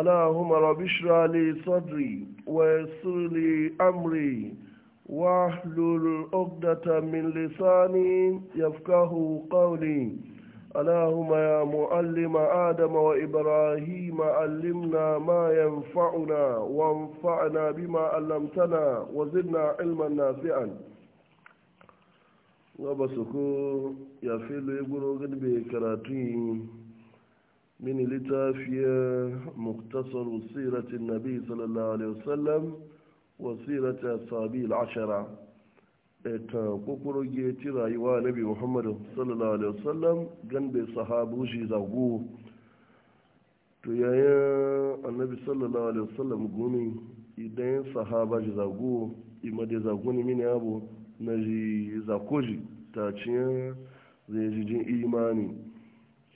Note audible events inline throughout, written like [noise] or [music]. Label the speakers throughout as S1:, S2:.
S1: اللهم رب اشرح لي صدري ويسر لي امري واحلل عقدة من لساني يفقه قولي اللهم يا معلم آدم وإبراهيم علمنا ما ينفعنا وانفعنا بما علمتنا وزدنا علما نافعا وبسكو يا فيلو يقولوا قد بكراتين من لتافيا مختصر سيرة النبي صلى الله عليه وسلم وسيرة أصحابه العشرة kokoroge ti rayuwa nabi muhammadu sallallahu alaihi wasallam gan bai sahabu shi zago to yayin annabi sallallahu alaihi wasallam gumi idan sahaba shi zago ima da zago ne mini abu na ji zakoji ta ciyar zai jijin imani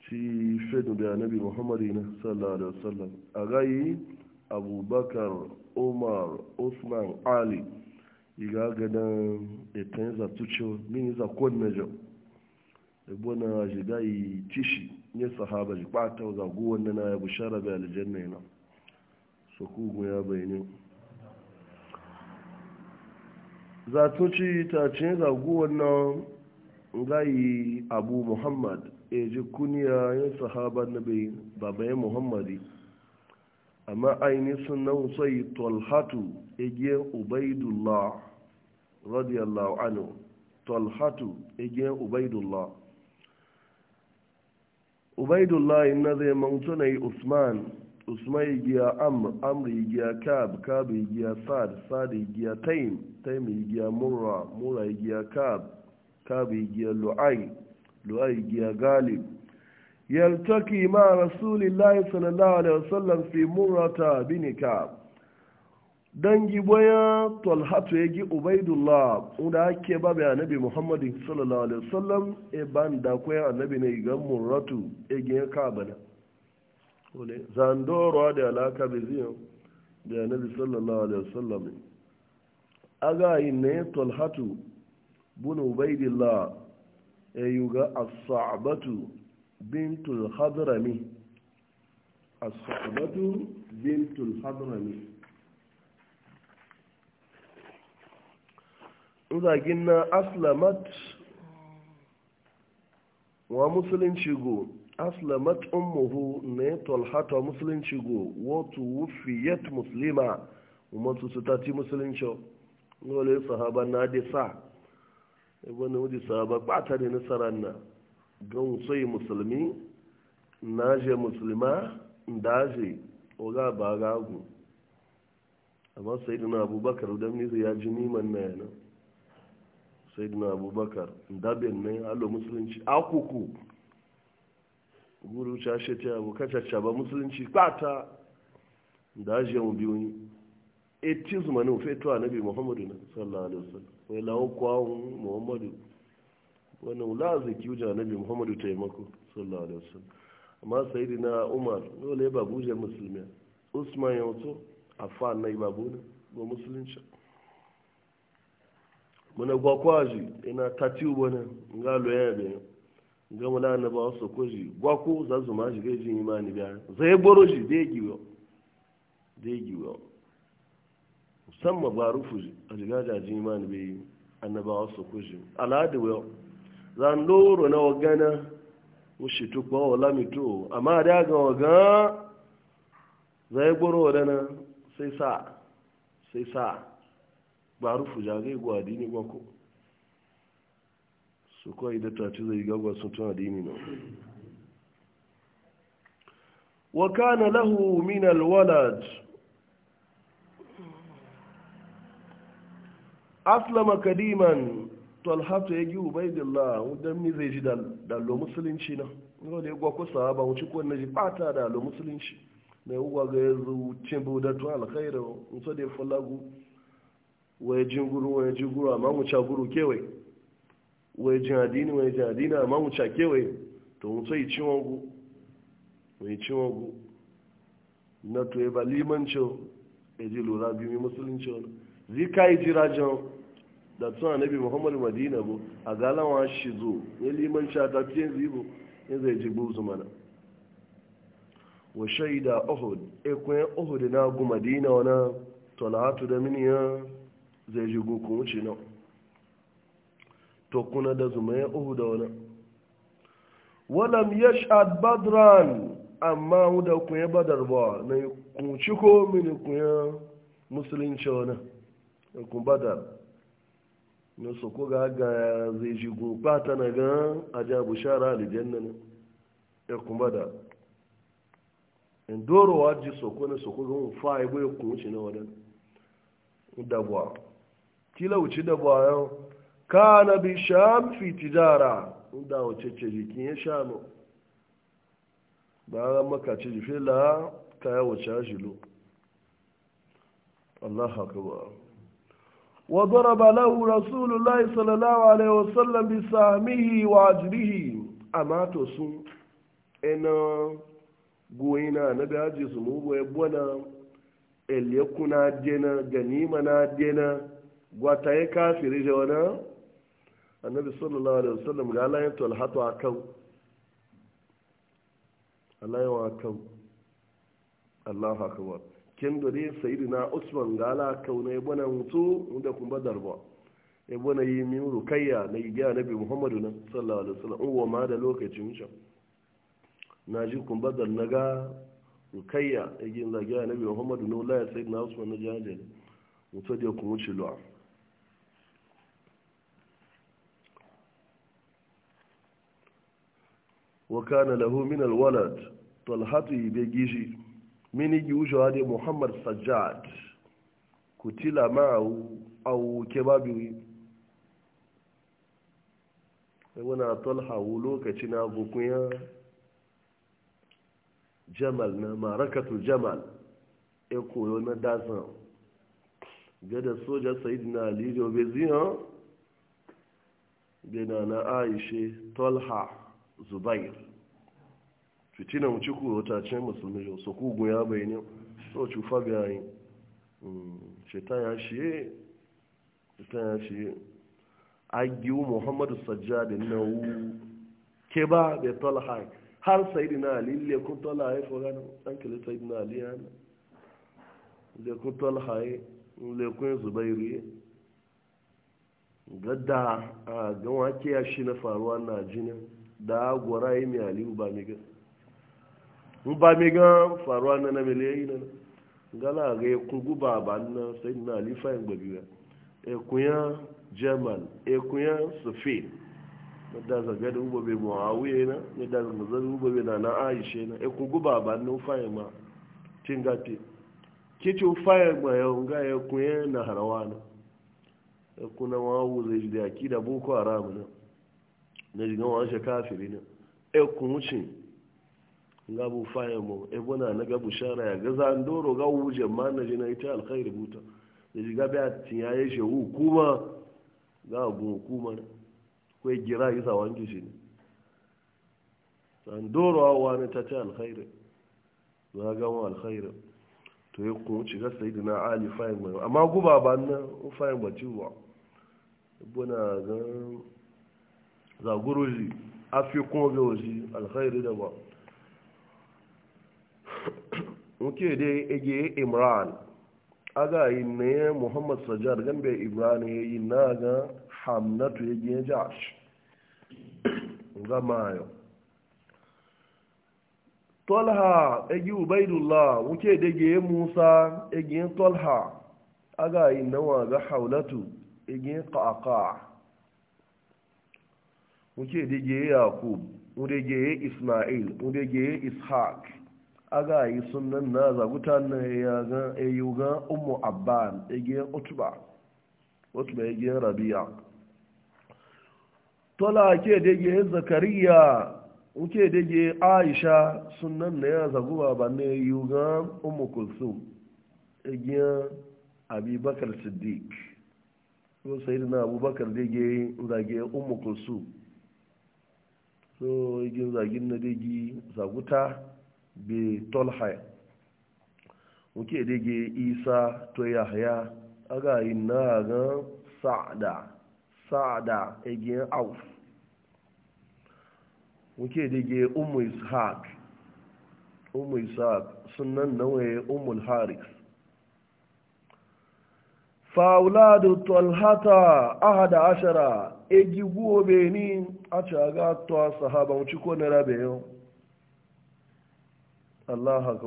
S1: ci fedu da annabi muhammadu na sallallahu alaihi wasallam a gayi abubakar umar osman ali iga gadan etan za tuce min za kon na jau ebo na shiga yi tishi ne sahaba ji kwata za go wannan na ya bushara bai aljanna yana so ku ya bayani za tuci ta ce za go wannan gayi abu muhammad eji kuniya yin sahabar nabi babayin muhammadi amma aini sunan sai tolhatu egiyen ubaidullah radiyallahu anu tolhatu egiyen ubaidullah ubaidullah na zai yi usman usman igiya amri igiya kab kab igiya sad sad igiya taim taim igiya murra murra igiya kab kab igiya lu'ai du'ai giya galib yaltaki ma rasulillahi sallallahu alaihi wasallam fi murata bin ka'ab dangi boya tolhatu ya gi ubaidullah wanda ake ba bai annabi muhammad sallallahu alaihi wasallam e ban da koyan annabi ne ga muratu e gi ka bana. ole zandoro da alaka bi ziyo da annabi sallallahu alaihi wasallam aga ne tolhatu bunu ubaidullah ayyuga as-sa'batu bintul hadrami as-sa'batu bintul hadrami zagin na aslamat wa musulunci go aslamat ummuhu ne tolhata musulunci go wato wufiyat muslima umar su ta ci musulunci wale sahaba na de sa wani wajen sahaba ɓata ne nasarar na ga sai musulmi na je musulma da je oga ba ragu amma sayidina abubakar don nizu ya ji niman na yana sayidina abubakar dabin ne alo musulunci akuku guru cashe ta abu kacacca ba musulunci ɓata da je mu biyu ne etizma ne nabi muhammadu sallallahu alaihi wasallam wai lawo kwawun muhammadu wani wulazi kiwuja nabi muhammadu taimako sallallahu alaihi wasallam amma sayidi na umar dole ya babu je musulmi usman ya wato a na babu ne ba musulunci muna gwakwaji ina tati wani nga loya bai nga mula na ba wasu koji gwako za su ma shi gaji imani biya zai gboro shi dai giwa dai san rufu a ma jimani bai annabawa su kuji al'adu yau zan doro na wagana mushi tukwa wa lamito amma da ga waga zai gboro wadana sai sa sai sa rufu jage gwa dini gwako su kuwa idata ci zai gagwa sun tuna dini na wa lahu min alwalad aslama kadiman talhatu ya gi ubaidillah wadda mi zai ji da lo musulunci na ko da gwa ko sahaba wuce ko na ji bata da lo musulunci na uwa ga yanzu cin bu to alkhairu in so da falagu waye jinguru waye guru amma mu cha guru kewai waye jin adini waye jin adini amma mu cha to mun sai cin wangu mai cin wangu na to e balimancho e ji lura biyu musulunci wani zika yi jirajen da na bi muhammad madina bu a galawa shi zo ya liman ta fiye zibo ya zai ji buzu mana wa shaida ohud ekwen ohud na gu madina wana talatu da miniya zai ji gu kun wuce na to kuna da zuma ya ohud wana walam yash'ad badran amma da Kunye ya badar ba na kun ci ko mini kun ya musulunci wana kun badar na su ko ga ga zai ji gumfa ta na gan a shara bushara aljanna na ya kuma da in dorowa ji soko na soko gan fa ya bai kun shi na wadan dabwa kila wuce dabwa yau ka na bi sham fi tijara da wace ce jikin ya shamu ba maka ce jifila kaya wace ajilo Allah ba. وضرب له رسول الله صلى الله عليه وسلم بسهمه وعجله اما تسو إنا قوينا نبي عجز مو يبونا اللي يكون عدنا جنيمنا عدنا واتاي كافر جونا النبي صلى الله عليه وسلم قال لا ينتو الحطو عكو الله يوعكو الله أكبر kendo dai na usman gala kauna ya bana mutu da kuma darba ya bana yi min rukayya na igiya nabi muhammadu na sallallahu alaihi wasallam uwa ma da lokacin wucin na ji kuma dar na ga rukayya igin da igiya nabi muhammadu na wula sayidu na usman na jajali mutu da kuma wuce lu'a wa kana lahu min alwalad talhatu bi gishi mini gi wucewa muhammad sajjad ku tila ma'awu awu ke babu wana talhawu lokaci na bukunya jamal na marakatu jamal ya e koyo na dazan gada soja na aliyu obeziyan gada na aishe tolha zubair fitina mu ciku wata ce musulmi yau su kugu ya bayani so cufa ga yi mm, sheta ya shiye sheta ya shiye agiyu muhammadu sajjadi na wu ke ba da tola haka har sayidi na ali lekun tola haye fogana an kele sayidi na ali yana lekun tola haye lekun zubairu ya gadda a gawa ke ya shi na faruwa na jini da gwara ya mai aliyu ba mai gasa ba mi ga faruwa na na mele yi na gala ga kungu ba ba na sai na alifa yin gbabi ya ekunya german ekunya sufi na da zaga da ubobe muawiya na ne da zaga da ubobe na na aisha na e kungu ba ba na ufa yin ma tingati kici ufa yin ma ya nga ekunya na harawana ekuna wa wuze da akida boko haram na na jigan wa shi kafiri na ekun wucin nga bu fayin mu e bona na ga bushara ya ga zan doro ga wuje mana na jina ita alkhairi buta da jiga ba ya yaye she hu kuma ga gu kuma ko jira yi sa wanki shi ne zan doro awa ne ta ta alkhairi za ga mu alkhairi to ya ku ci ga sayyidina ali fayin mu amma guba ba na fayin ci ciwa e bona ga za guruji afi ko ga waji alkhairi da ba nke dai ege imran aga yi ne muhammad sajjad gambe imran ya yi na ga hamnatu ya gina jash gama yau tolha egi ubaidullah wuke dege musa egi tolha aga yi nawa ga haulatu egi qa'qa wuke dege yakub wuke dege isma'il wuke dege ishaq aga yi sunan na zaguta na yayi ga umu abban ege utba utba ege rabi'a tola ke dege zakariya uke dege aisha sunan na ya zaguwa ba na yi ga umu kulsum ege abubakar siddiq so sai na abubakar dege zage umu kulsum so ege zagin na dege zaguta bi tolhaya muke dige isa to yahya aga inna ga saada sa'da egin auf muke dige ummu ishaq ummu ishaq sunan nawaye ummul haris fauladu tolhata ahada ashara egi guobe ni a caga to sahaba mu ko na rabe yau Allah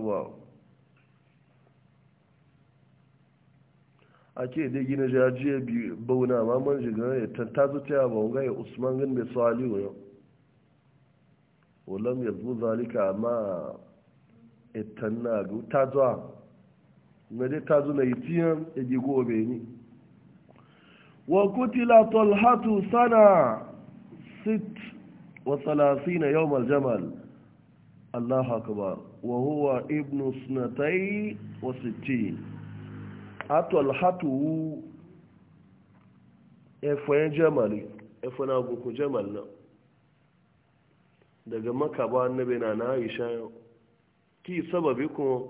S1: a ake dai gina jajiya bauna ma man shiga ya tanta zuciya ba wanga ya usman gan mai wa yau walam ya zuwa zalika ma itan na ga ta zuwa na dai ta zo na yi tiyan ya gi bai ni wa kutila talhatu sana sit wa salasina yau maljamal Allah akbar wa huwa ibnu sunatai wa sittin atolhatuhu efoyen jamali efona agunku jamal na daga makaba annabi na na aisha ki sababi kuma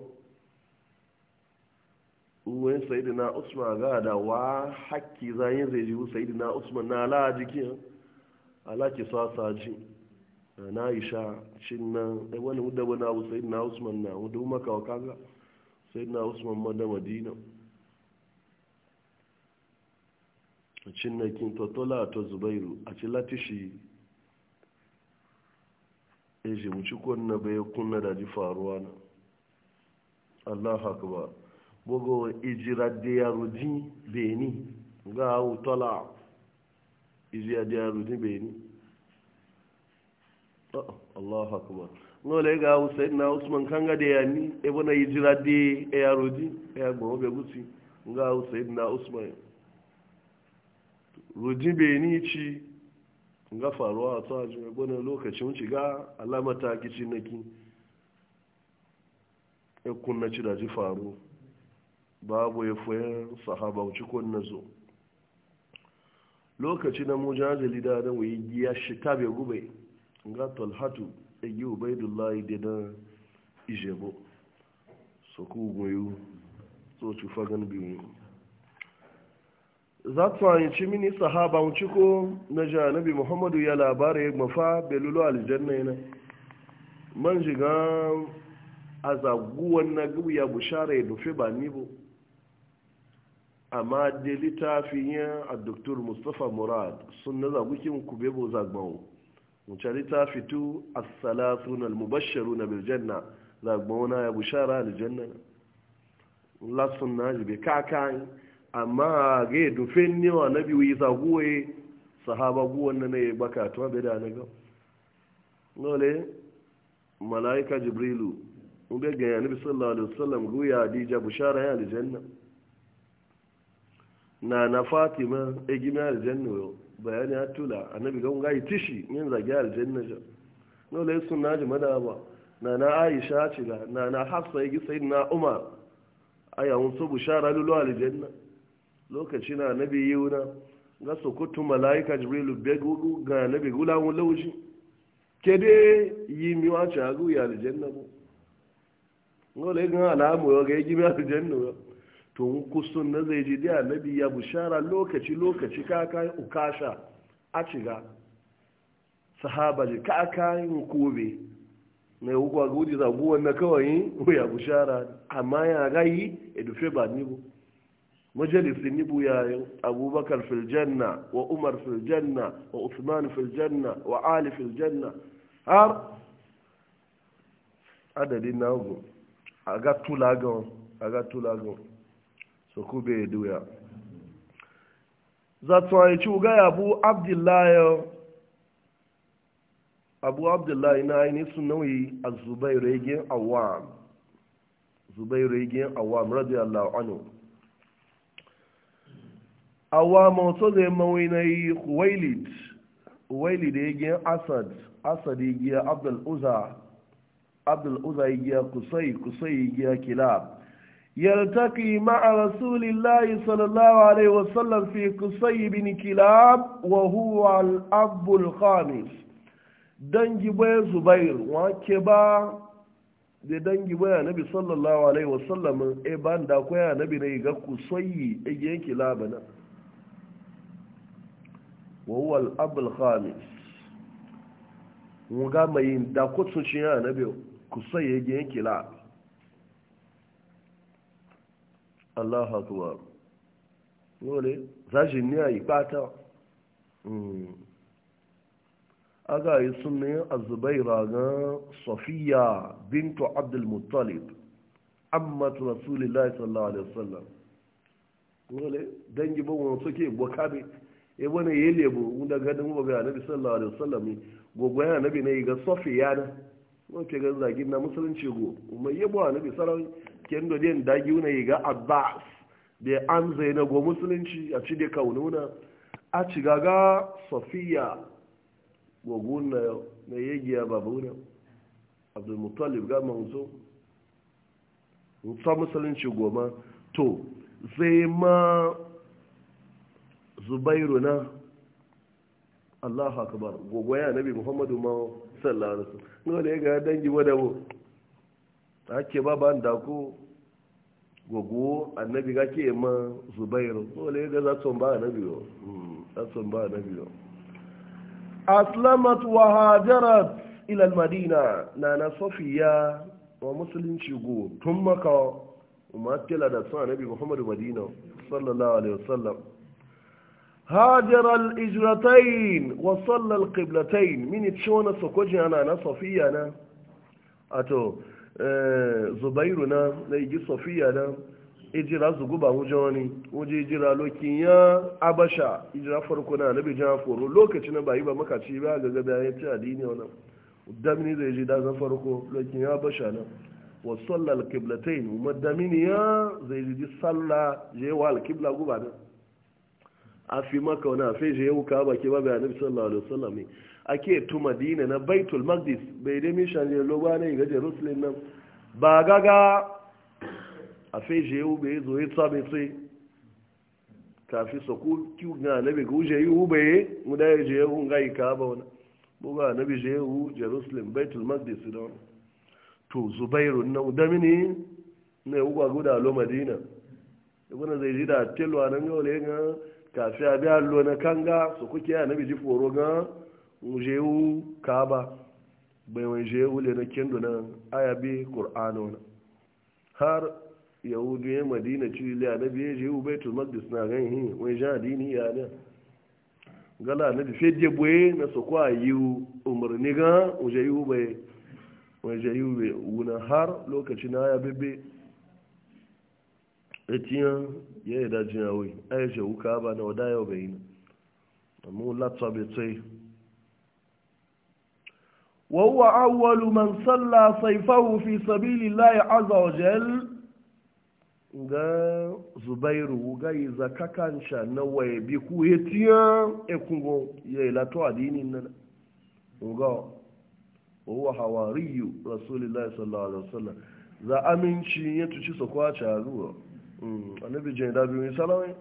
S1: uwen sayidina usman ga da wa hakki zayin zai jiwu sayidina usman na ala jikin ala ki sa saji na aisha cin nan wani wuda wani abu sai na usman na wuda kuma kawo kaga sai na usman ma da madina cin na kin totola to zubairu a ci latishi ya eh, ji mu ci kunna bai kunna da ji faruwa na allah akbar bugu ijira da yaro ji beni ga tola ijira da yaro ji beni Oh, Allahu akbar no le ga Usaid na Usman kanga da yani e bona yijira di e yarodi e gbo be gusi nga Usaid na Usman roji bee ni ci nga faruwa ta ji e bona lokacin ci ga alama ta kici naki e kunna ci da ji faru babu ya foya sahaba uci kon nazo lokaci na mujajili da da wayi giya shi ta be gube ga talhatu egi ubaidullahi da na ijebo so ku so ci fagan biyu za ta hanci mini sahaba mu ko na janabi muhammadu ya labara ya mafa belulu aljanna yana man shiga a zaguwan na ya bushara ya dufe ba ni bu amma da littafin a dr mustapha murad sun na zagukin kubebo zagbawo mucari ta fito a salatun almubasharu na birjanna zagbona ya bushara aljanna lasun na jibe kakan amma ga yi dufin ne wa nabi wuyi zaguwe sahaba guwan na ne baka tuwa bai da naga nole malaika jibrilu bai ga ya nabi sallallahu alaihi wasallam guya adija bushara ya aljanna na na fatima egime aljanna yau bayani ya tula annabi ga ngai tishi yin zage aljanna ja no lai sunna ji ba na na aisha ci ga na na hafsa yi na umar aya yawon so bushara lulu aljanna lokaci na annabi yuna ga sokoto malaika jibrilu begu ga annabi gula hun lauji kede yi miwa wa ci agu ya aljanna ba no lai ga alamu ga yi mi aljanna to kusun na zai ji da annabi ya bushara lokaci lokaci ka u ukasha a ciga sahaba ji ka kayan kobe na yau kwa gudu zaguwan na kawai [laughs] ya bushara amma ya gayi edufe ba nibu majalisin nibu ya yi abubakar filjanna wa umar filjanna wa usman filjanna wa ali filjanna har adadin nagu a ga tulagon a ga tulagon su bai duya zato ya ci ugaya abu abdullahi abu abdullahi na yi sun nauyi a zubai regin awam zubai regin awam radiyallahu anu awam wato zai mawai na yi huwailid huwailid ya gina asad asad ya gina abdul uza abdul uza ya gina kusai kusai ya gina kilab يلتقي مع رسول الله صلى الله عليه وسلم في قصي بن كلاب وهو الأب الخامس دنجي بي زبير وكبا da dangi baya nabi sallallahu alaihi wasallam e ban da koya nabi ne ga kusayi e yanki labana wa huwa al-ab al-khamis mu ga mai da ya nabi e yanki labana Allah akubar dole zashin ne a yi A hmm. aga yi sunayen azubaira ga Sofiya bintu abdulmuttalib ammatu rasulillah sallallahu alaihi wasallam dole dangi ba wani suke gwakabe e wani yi lebo wanda ganin ba ga anabi sallallahu alaihi wasallam gogo ya anabi yi ga Sofiya na wani ke ga zagin na musulunci go umar yabo anabi sarari. kendo den dagi una ga abbas da amza na go musulunci a ci da kaununa a ci gaga safiya gogun na yagiya babuna abdul muttalib ga manzo musa musulunci goma to zai ma zubairu na allahu akbar gogoya nabi muhammadu ma sallallahu alaihi wasallam ne ga dangi wadawo ta ake ba ba da ko gogo annabi ga ke ma zubair ko le ga za tsomba annabi yo za tsomba annabi yo aslamat wa hajarat ila al madina na na safiya wa muslim shi go tun maka umatila da sun annabi muhammad madina sallallahu alaihi wasallam هاجر الإجرتين وصلى القبلتين من تشونا سوكوجي أنا أنا صفية أنا أتو Eh, zubairu na na igi sofiya na ijira zugu guba wujen wani wuje ijira lokin ya abasha ijira farko na nabi jan foro lokaci na bayi ba makaci ba ga gaba ya ci adini wani damini zai ji dazan farko lokin ya abasha na wa sallar alkiblatain umar damini ya zai ji salla je wa alkibla guba na a fi maka wani a fai je ya wuka ba ke ba bayanin sallallahu alaihi wasallam ake tu madina na baitul magdis bai dai shanje je ba ne ga jerusalem nan ba gaga a fe je u be zo yi tsabe sai fi so ku ki ga na be guje yi u be mu da je u ngai ka ba wala buga na be je u jerusalem baitul magdis don to zubairu na udamini ne u ga guda lo madina ibuna zai ji da tilwa nan ga wale ga kafi biya lo na kanga su kuke ya na ji foro ga jewu kaba bai wani je le na kendo na bi ƙur'ano na har yahudu ya madina cili a nabi ya jewu da suna na ganyi wani jan adini ya ne gala na da fedye boye na su a yi umarni yi ujayu bai ujayu bai wuna har lokaci na ya bebe etiyan ya yi dajin awai, a yi ba kaba na wadaya bai yi na amma latsa bai tsaye وهو أول من صلى صيفه في سبيل الله عز وجل ga zubairu ga yi zakakanca na waye bi ku ya tiya ekungo ya ilato adinin nan ga wa hawariyu rasulullahi sallallahu alaihi wasallam za aminci ya tuci su kwace a ruwa mm, annabi jin da biyu salawai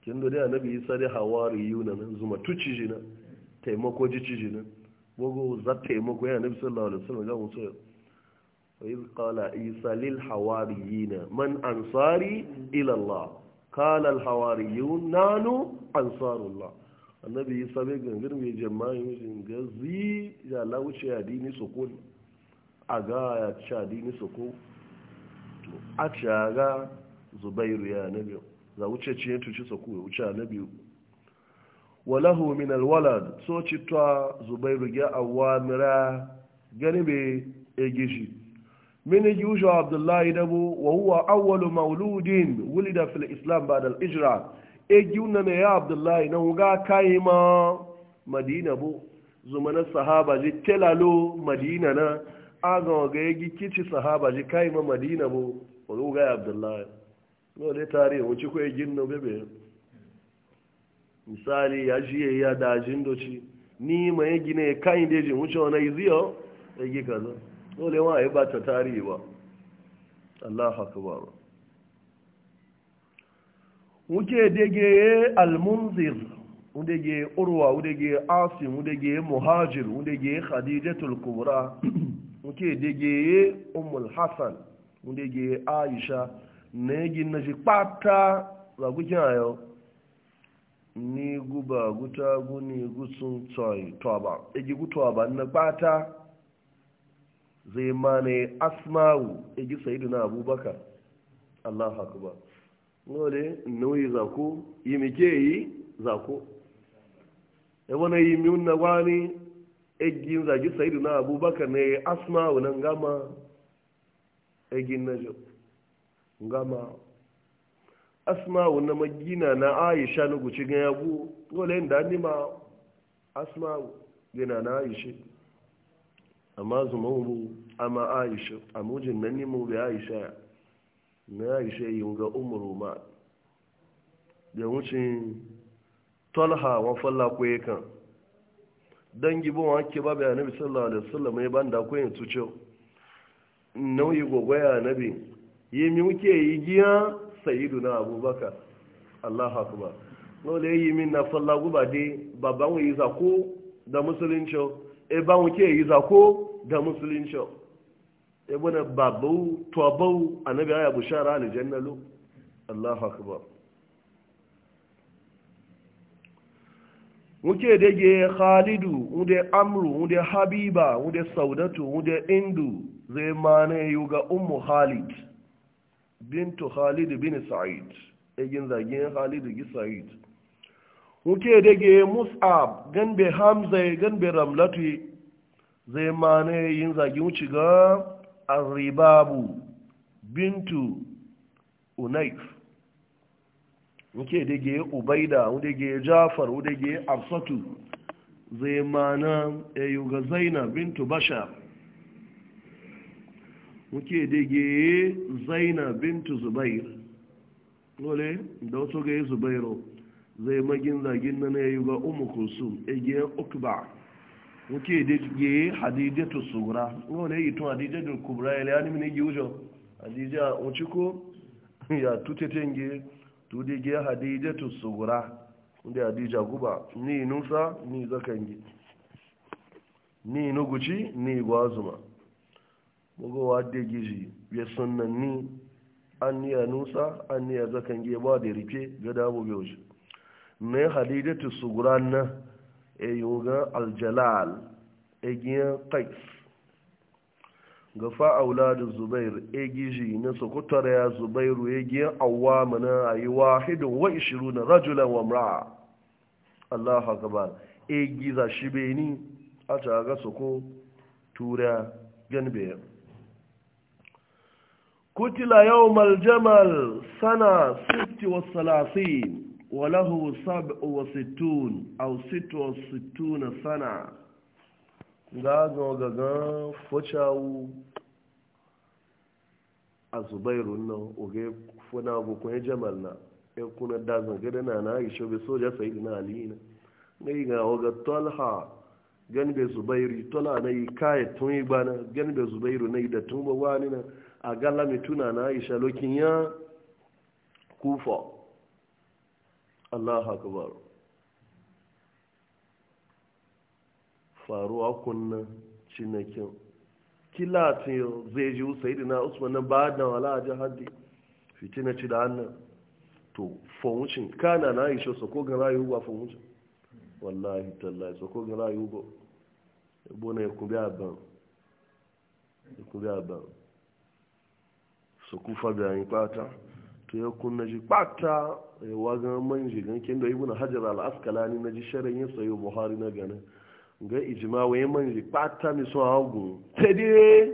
S1: kin dole annabi isa da hawariyu nan zuma tuci shi taimako ji ne gogo za taimako yana nabi sallallahu alaihi wasallam ga mutu wa iz qala isa lil hawariyina man ansari ila allah qala al hawariyun nanu ansarullah annabi isa bai gangar mai jama'i wajen gazi ya lawuce addini su soko a ga ya ci addini soko to a ci a ga zubairu ya nabi za wuce ci ya tuci su ya wuce a nabi walahu min alwalad so citwa zubairu ga awamira gani be egishi min jujo abdullahi dabu wa huwa awwalu mauludin wulida fil islam ba'da al-ijra egiuna ne ya abdullahi na uga kaima madina bu zumana sahaba ji telalo madina na aga ga yagi kici sahaba ji kaima madina bu uga abdullahi no le tare wuci ko egin no bebe misali ya jiye ya dajin doci ni ma ya gina ya kayan dejin wuce wani iziyo ya gi kaza dole wa ya bata tarihi ba Allah ba wuce dege almunzir wudege urwa wudege asim wudege muhajir wudege khadijatul kubra [clears throat] wuce dege Hassan, hasan wudege aisha na ya gina shi kpata zagukin ayo ni guba guta guni gutsun toba Eji gutuwa ba na bata zai mane asma'u egi sayidu na abubakar allah ba nole nauyi zako yi mike yi zako ya e wani yi miun na wani egi zagi sayidu na abubakar ne asma'u nan gama egin na jo gama asma'u na magina na aisha na guci ga yagu dole da nima asma'u gina na aisha amma zuma mu amma aisha amma mujin nan nima bai aisha na aisha yin ga umaru ma da wucin talha wa falla ko yakan dan gibon wake babu annabi sallallahu alaihi wasallam ya banda ko yin tuce nauyi gogoya annabi yi mi muke yi giya na abubakar allah akubar lole yi min na falla guba dai babban wa yi zako da musulunci e ba ke yi zako da musulunci e bana babu tobau annabi aya bushara ni lo allah akubar muke dage khalidu wude amru wude habiba wude saudatu wude indu zai mana yi ga ummu khalid bintu khalid bin sa'id egin zagin khalid bin sa'id muke dage mus'ab gan be hamza gan be ramlatu zai mane yin zagin wuce ga arribabu bintu unaif muke dage ubaida dage jafar dage absatu zai mana eh, ga zainab bintu bashar muke dege zaina bintu zubair dole da wato ga zubairu zai magin zagin na na yi ba umu kulsum egiyar ukba muke dege hadidatu sura dole yi tun hadidatu kubra ya liyani mini gi wujo hadidja uchiko ya nge tu dege hadidatu sura inda adija guba ni nusa ni zakangi ni nuguci ni gwazuma bugowa da gizi ya sunanni an niya nusa an niya zakan ge ba da rike ga damu bai wuce ne halidatu suguran na e yunga aljalal e giya qais ga fa auladu zubair e gizi na sokotare ya zubairu e giya awama na ayi wahidun wa na rajulan wa mra Allahu akbar e giza shibeni a ta ga soko tura ganbe kutila يوم الجمل sana 36 walahu 67 au 66 sana ngazo gaga fochau azubairu no oge fona go kun jamal na e kuna dazan gada na na aisha be soja sayyidina ali na ngai ga oga talha gan be zubairu tola na yi kai tun gan be zubairu na wani na a gala tuna na aisha lokin ya kufa allahu akbar faruwa cinikin. cinakin kilatin zai ji usaidu na usman na ba da wala a jihadi fitina ci da hannun to fahimcin kana na aisha sako ga rayu ba fahimcin wallahi tallahi sako ga rayu ba ibo na ya kubi abin ya kubi abin? su kufa yin kwata to ya kunna ji kwata ya waga man ji kin da ibn hajar al-askalani na ji sharan ya sayo buhari na gana ga ijma wa man ji kwata mi so hagu sai dai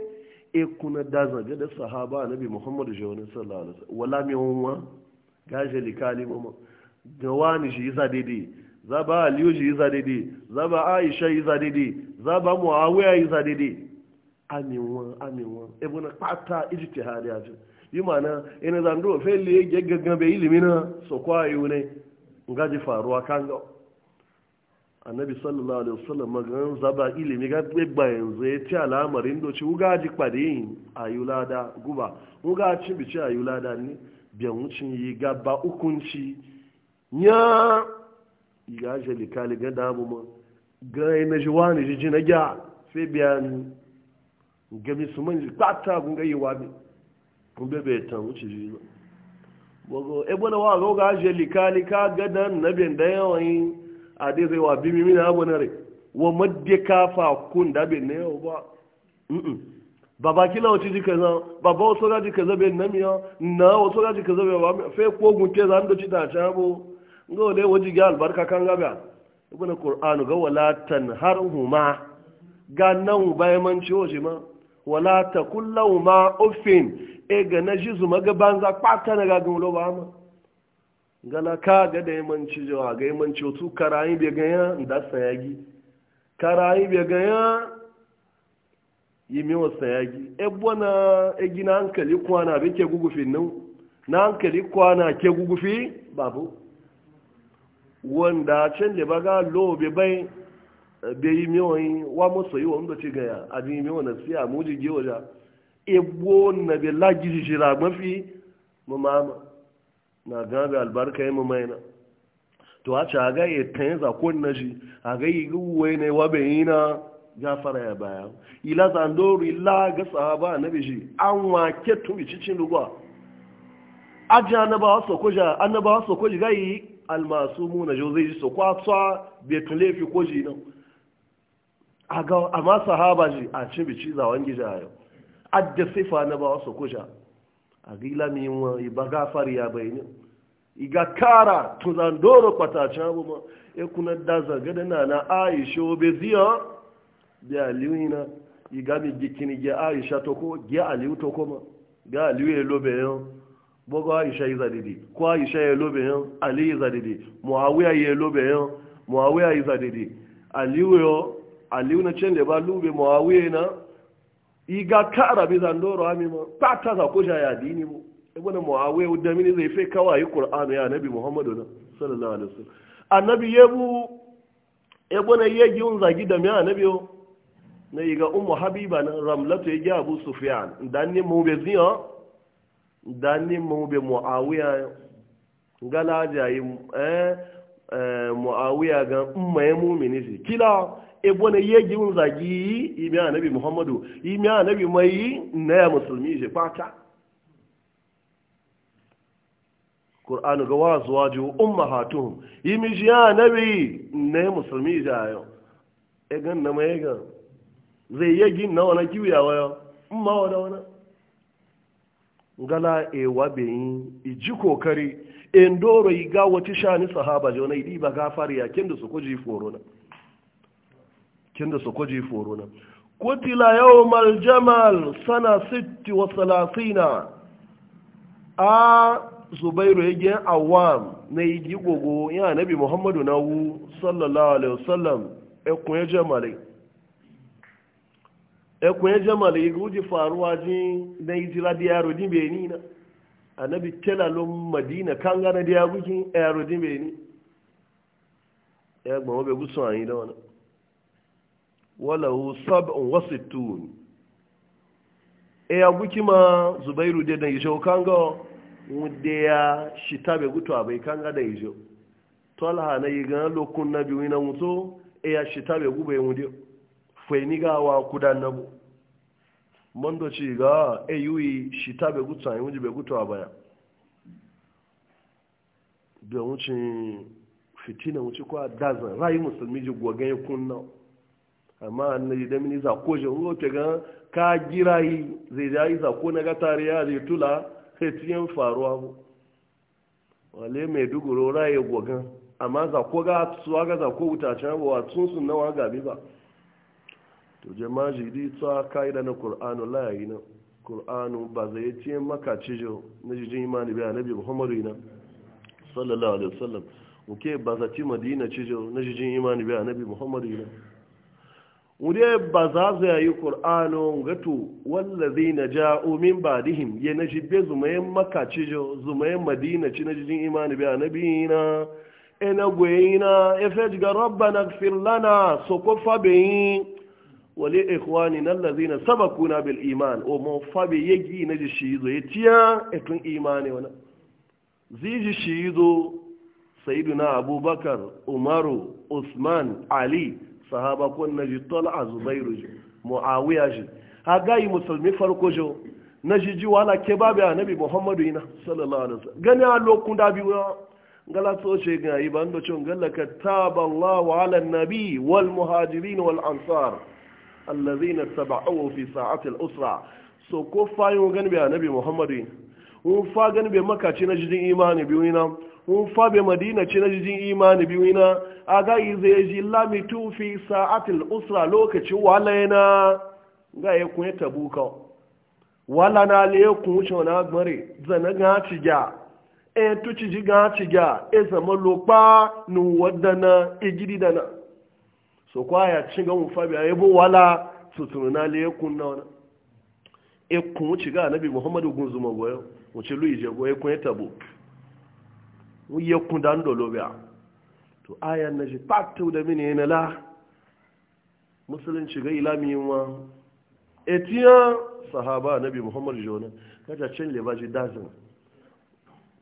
S1: e kuna da zaga da sahaba annabi muhammadu jawani sallallahu alaihi wasallam wala mi wonwa gaje likali mama da wani shi yasa daidai za ba aliyu shi yasa daidai za ba aisha yasa daidai za ba muawiya yasa daidai amiwọn amiwọn ebe na kpata ijiti ha dị ajụ na mana ina zando ofe lie je gaggabe ilimi na sokwa iwu ne nga ji faruwa kan ga annabi sallallahu alaihi wasallam magan zaba ilimi ga gbegba yanzu ya e ala al'amarin ndochi wuga ji kpade yin ayulada guba wuga chi bici ayulada ni biyan wucin yi ba ukunchi nya yi ga ajali kali ga damu ma ga ina ji wani ji ji na gya fe biya ni gami su manji kwata gunga yi wabi kun bebe ta wuce shi ba wago ebo na wago ga je likalika gadan nabin da yawan yi a dai zai bi mimi na abu na rai wa madde fa kun da bin na yau ba ba ba kila wuce ji kaza ba ba wasu gaji kaza bin na miya na wasu gaji kaza bin ba fe ko gunke za ni da ci dace abu nga wale waji ga albarka kan gaba ibn qur'anu ga wala tanharuhuma ga nan bayan man ciwo ma wala ta kullawu ma ofin ega na jizu zuma ga banza kwata na gagin wulo ba ma gana ka ga da yamanci jawa ga yamanci otu karayi bai ganya da sayagi karayi bai ganya yi miwa sayagi ebuwa na egi na hankali kwana bai ke gugufi nan na hankali kwana ke gugufi babu wanda can da ba lobe bai bai miwai wa masu yi wanda ce gaya a jini miwa na siya muji gewa ja ebo na bai shi shira mafi mu mamama na gana albarka yi mu maina to a ci a ga yi e ta yi zakon na shi a ga yi guwai ne wa bai yi na gafara ya baya ila zandori la ga sahaba na bi shi an wake tumi cicin lugwa aji annabawa sokoja annabawa sokoji ga yi almasu muna jo zai ji sokwa tsa bai tun laifi koji nan masu sahaba ji a ci bici zawon gija yau adda sifa na ba wasu kuja a gila mi wa iba gafar ya bayani iga kara tuzan doro can abu ma ya e kuna da zagada na na aisha obe ziya da aliyu na iga mi gikini ga aisha to ko? ga aliyu ko ma ga aliyu ya lobe yau bogo aisha yi zadidi ko aisha ya lobe yau ali yi zadidi muawiya ya lobe yau muawiya yi zadidi aliyu yau aliyu na can da ba lube mawawiye na iga ka arabi zandoro ami ma ta ta za ko ya dini mu ibn e muawiya da mini zai fe kawai qur'anu ya nabi muhammadu na sallallahu alaihi wasallam annabi yebu ibn e yegi un zagi da mi annabi o na iga ummu habiba na ramlatu yegi abu sufyan danni mu be ziyo danni mu be muawiya ngala jayi eh, eh muawiya ga umma ya mu'mini kila ebo na yegi mun zagi imi annabi muhammadu imi annabi mai na ya musulmi je Fata. qur'anu ga wa zuwaju ummahatuhum imi je annabi na ya musulmi je ayo e gan na mai gan zai gi na wani kiwiya wayo umma wala wala ngala e wabeyin iji kokari endoro iga wata shani sahaba je wani idi ba gafari ya kendo su kuji forona kin da sokoji foro na kutila yawmal jamal sana 36 a zubairu ya yage awam na yi gogo ya nabi muhammadu na wu sallallahu alaihi wasallam ekunye jamale ekunye jamale guji faruwa ji na yi jira da yaro din beni na annabi telalon madina kan gana da yaro din beni ya gbawo bai gusun an yi da wani walahu sab'un wa sittun e ya guki ma zubairu de da yijo kanga mudde ya shitabe gutu abai kanga da yijo tolha na yiga lokun nabi wina muto e ya shitabe gube mudde feni ga wa kudan nabu do ci ga e shitabe gutu ayi mudde gutu abaya da wucin fitina wuce kwa dazan rayu musulmi ji gwagen kunna amma annabi da mini sako shi ngo ke ga ka girayi zai da yi sako na ga ya zai tula sai tiyan faruwa bu wale mai duguro raye gogan amma sako ga suwa ga sako wuta can ba tun sun nawa gabi ba to jama'a ji jidi ta kaida na qur'anu la yi na qur'anu ba zai tiyan maka cijo na jijin imani bi annabi muhammadu ina sallallahu alaihi wasallam muke ba za ci madina cijo na jijin imani bi annabi muhammadu ina wude ba za su yayi ƙur'ano gato wallazi na ja'o min badihim ya na jibbe zumayen makaci jo zumayen madina ci na jijin imani biya na na, e na gweyina e fej ga rabba na firlana so ko fabeyi wale ikhwani na lazi na saba kuna bil iman o mo fabe ya gi na ji shi zo ya tiya e tun imani wani ziji shi zo sayiduna abubakar umaru usman ali sahaba ko naji tal'a zubairu ji muawiya ji haga yi musulmi farko jo naji ji wala ke babu annabi muhammadu ina sallallahu alaihi wasallam gani a lokun da biyu ngala so ce ga yi bando chon galla ka taballahu ala nabi wal muhajirin wal ansar alladhina tabauhu fi sa'ati al usra so ko fayin gani bi annabi muhammadu ina un fa gani bi makaci na jidin imani biyu ina mun madina ce na jijin imani biyu na a gayi zai lami tufi fi sa'atil usra lokacin wala na ga ya kun tabuka wala na le kun wuce na gbare zana ga ci ga e tuci ji ga ci ga e zama lopa nu wadana igidi e dana so kwaya cin ga mun fabe ya bo wala tuturu na le kun na wana e kun wuce ga nabi muhammadu gunzuma goyo wuce lu ije goyo kun tabuka ya kunda ndo lobiya to ayan na shi fatu da mini na la musulunci ga ilami wa etiya sahaba nabi muhammad jona kaja cin lebaji dazin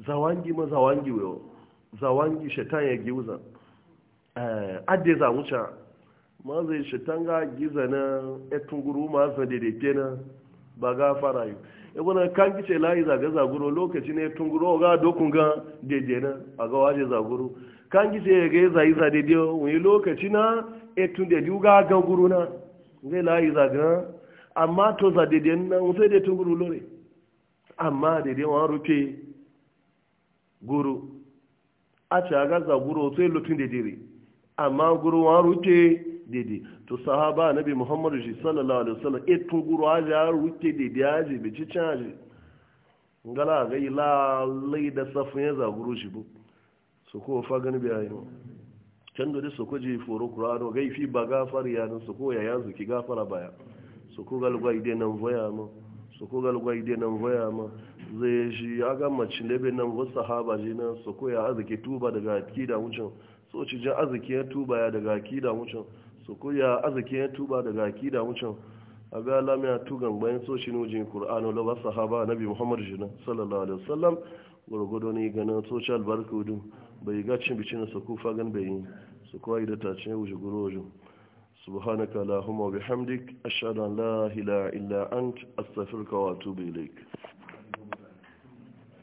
S1: zawangi ma zawangi wuyo zawangi shaitan ya giuza eh adde za wuce ma zai shaitan ga giza na etunguru ma zan daidaite na ba ga fara yi ibuna kan kice layi zaga zaguro lokaci ne guro ga dokun ga dede na a ga waje zaguro kan kice ga zayi za dede wani lokaci na e tun dede ga ga guro na zai layi zaga amma to za dede na sai de guro lore amma dede wani rufe guru a ci a ga zaguro sai lutun dede amma guru wani rufe dede to sahaba nabi muhammadu shi sallallahu alaihi wasallam e eh, tun guru aji a rute dede aji bi ci can aji ngala ga yi lalai da safin ya zaguru shi bu su ko fa gani bi ayi can da su ko ji foro kurano yi fi ba gafar ya nan su ko ya yanzu ki gafara baya su ko galgwa ide nan voya ma su ko galgwa ide nan voya ma zai shi ga macin da nan wasu sahaba ji nan su ko ya arziki tuba daga kida wucin so ci jin arziki ya tuba ya daga kida wucin su kuya arziki ya tuba daga akida wucin a ga alamiya tugan bayan so shi nujin kur'anu sahaba ba sahaba nabi muhammad jina sallallahu alaihi wasallam gurgudu ne ganin social hudu bai ga cin bici na fagan bai yi su kuwa da ta ce wuce gurojo subhanaka allahumma bihamdik ashhadu an la ilaha illa ant astaghfiruka wa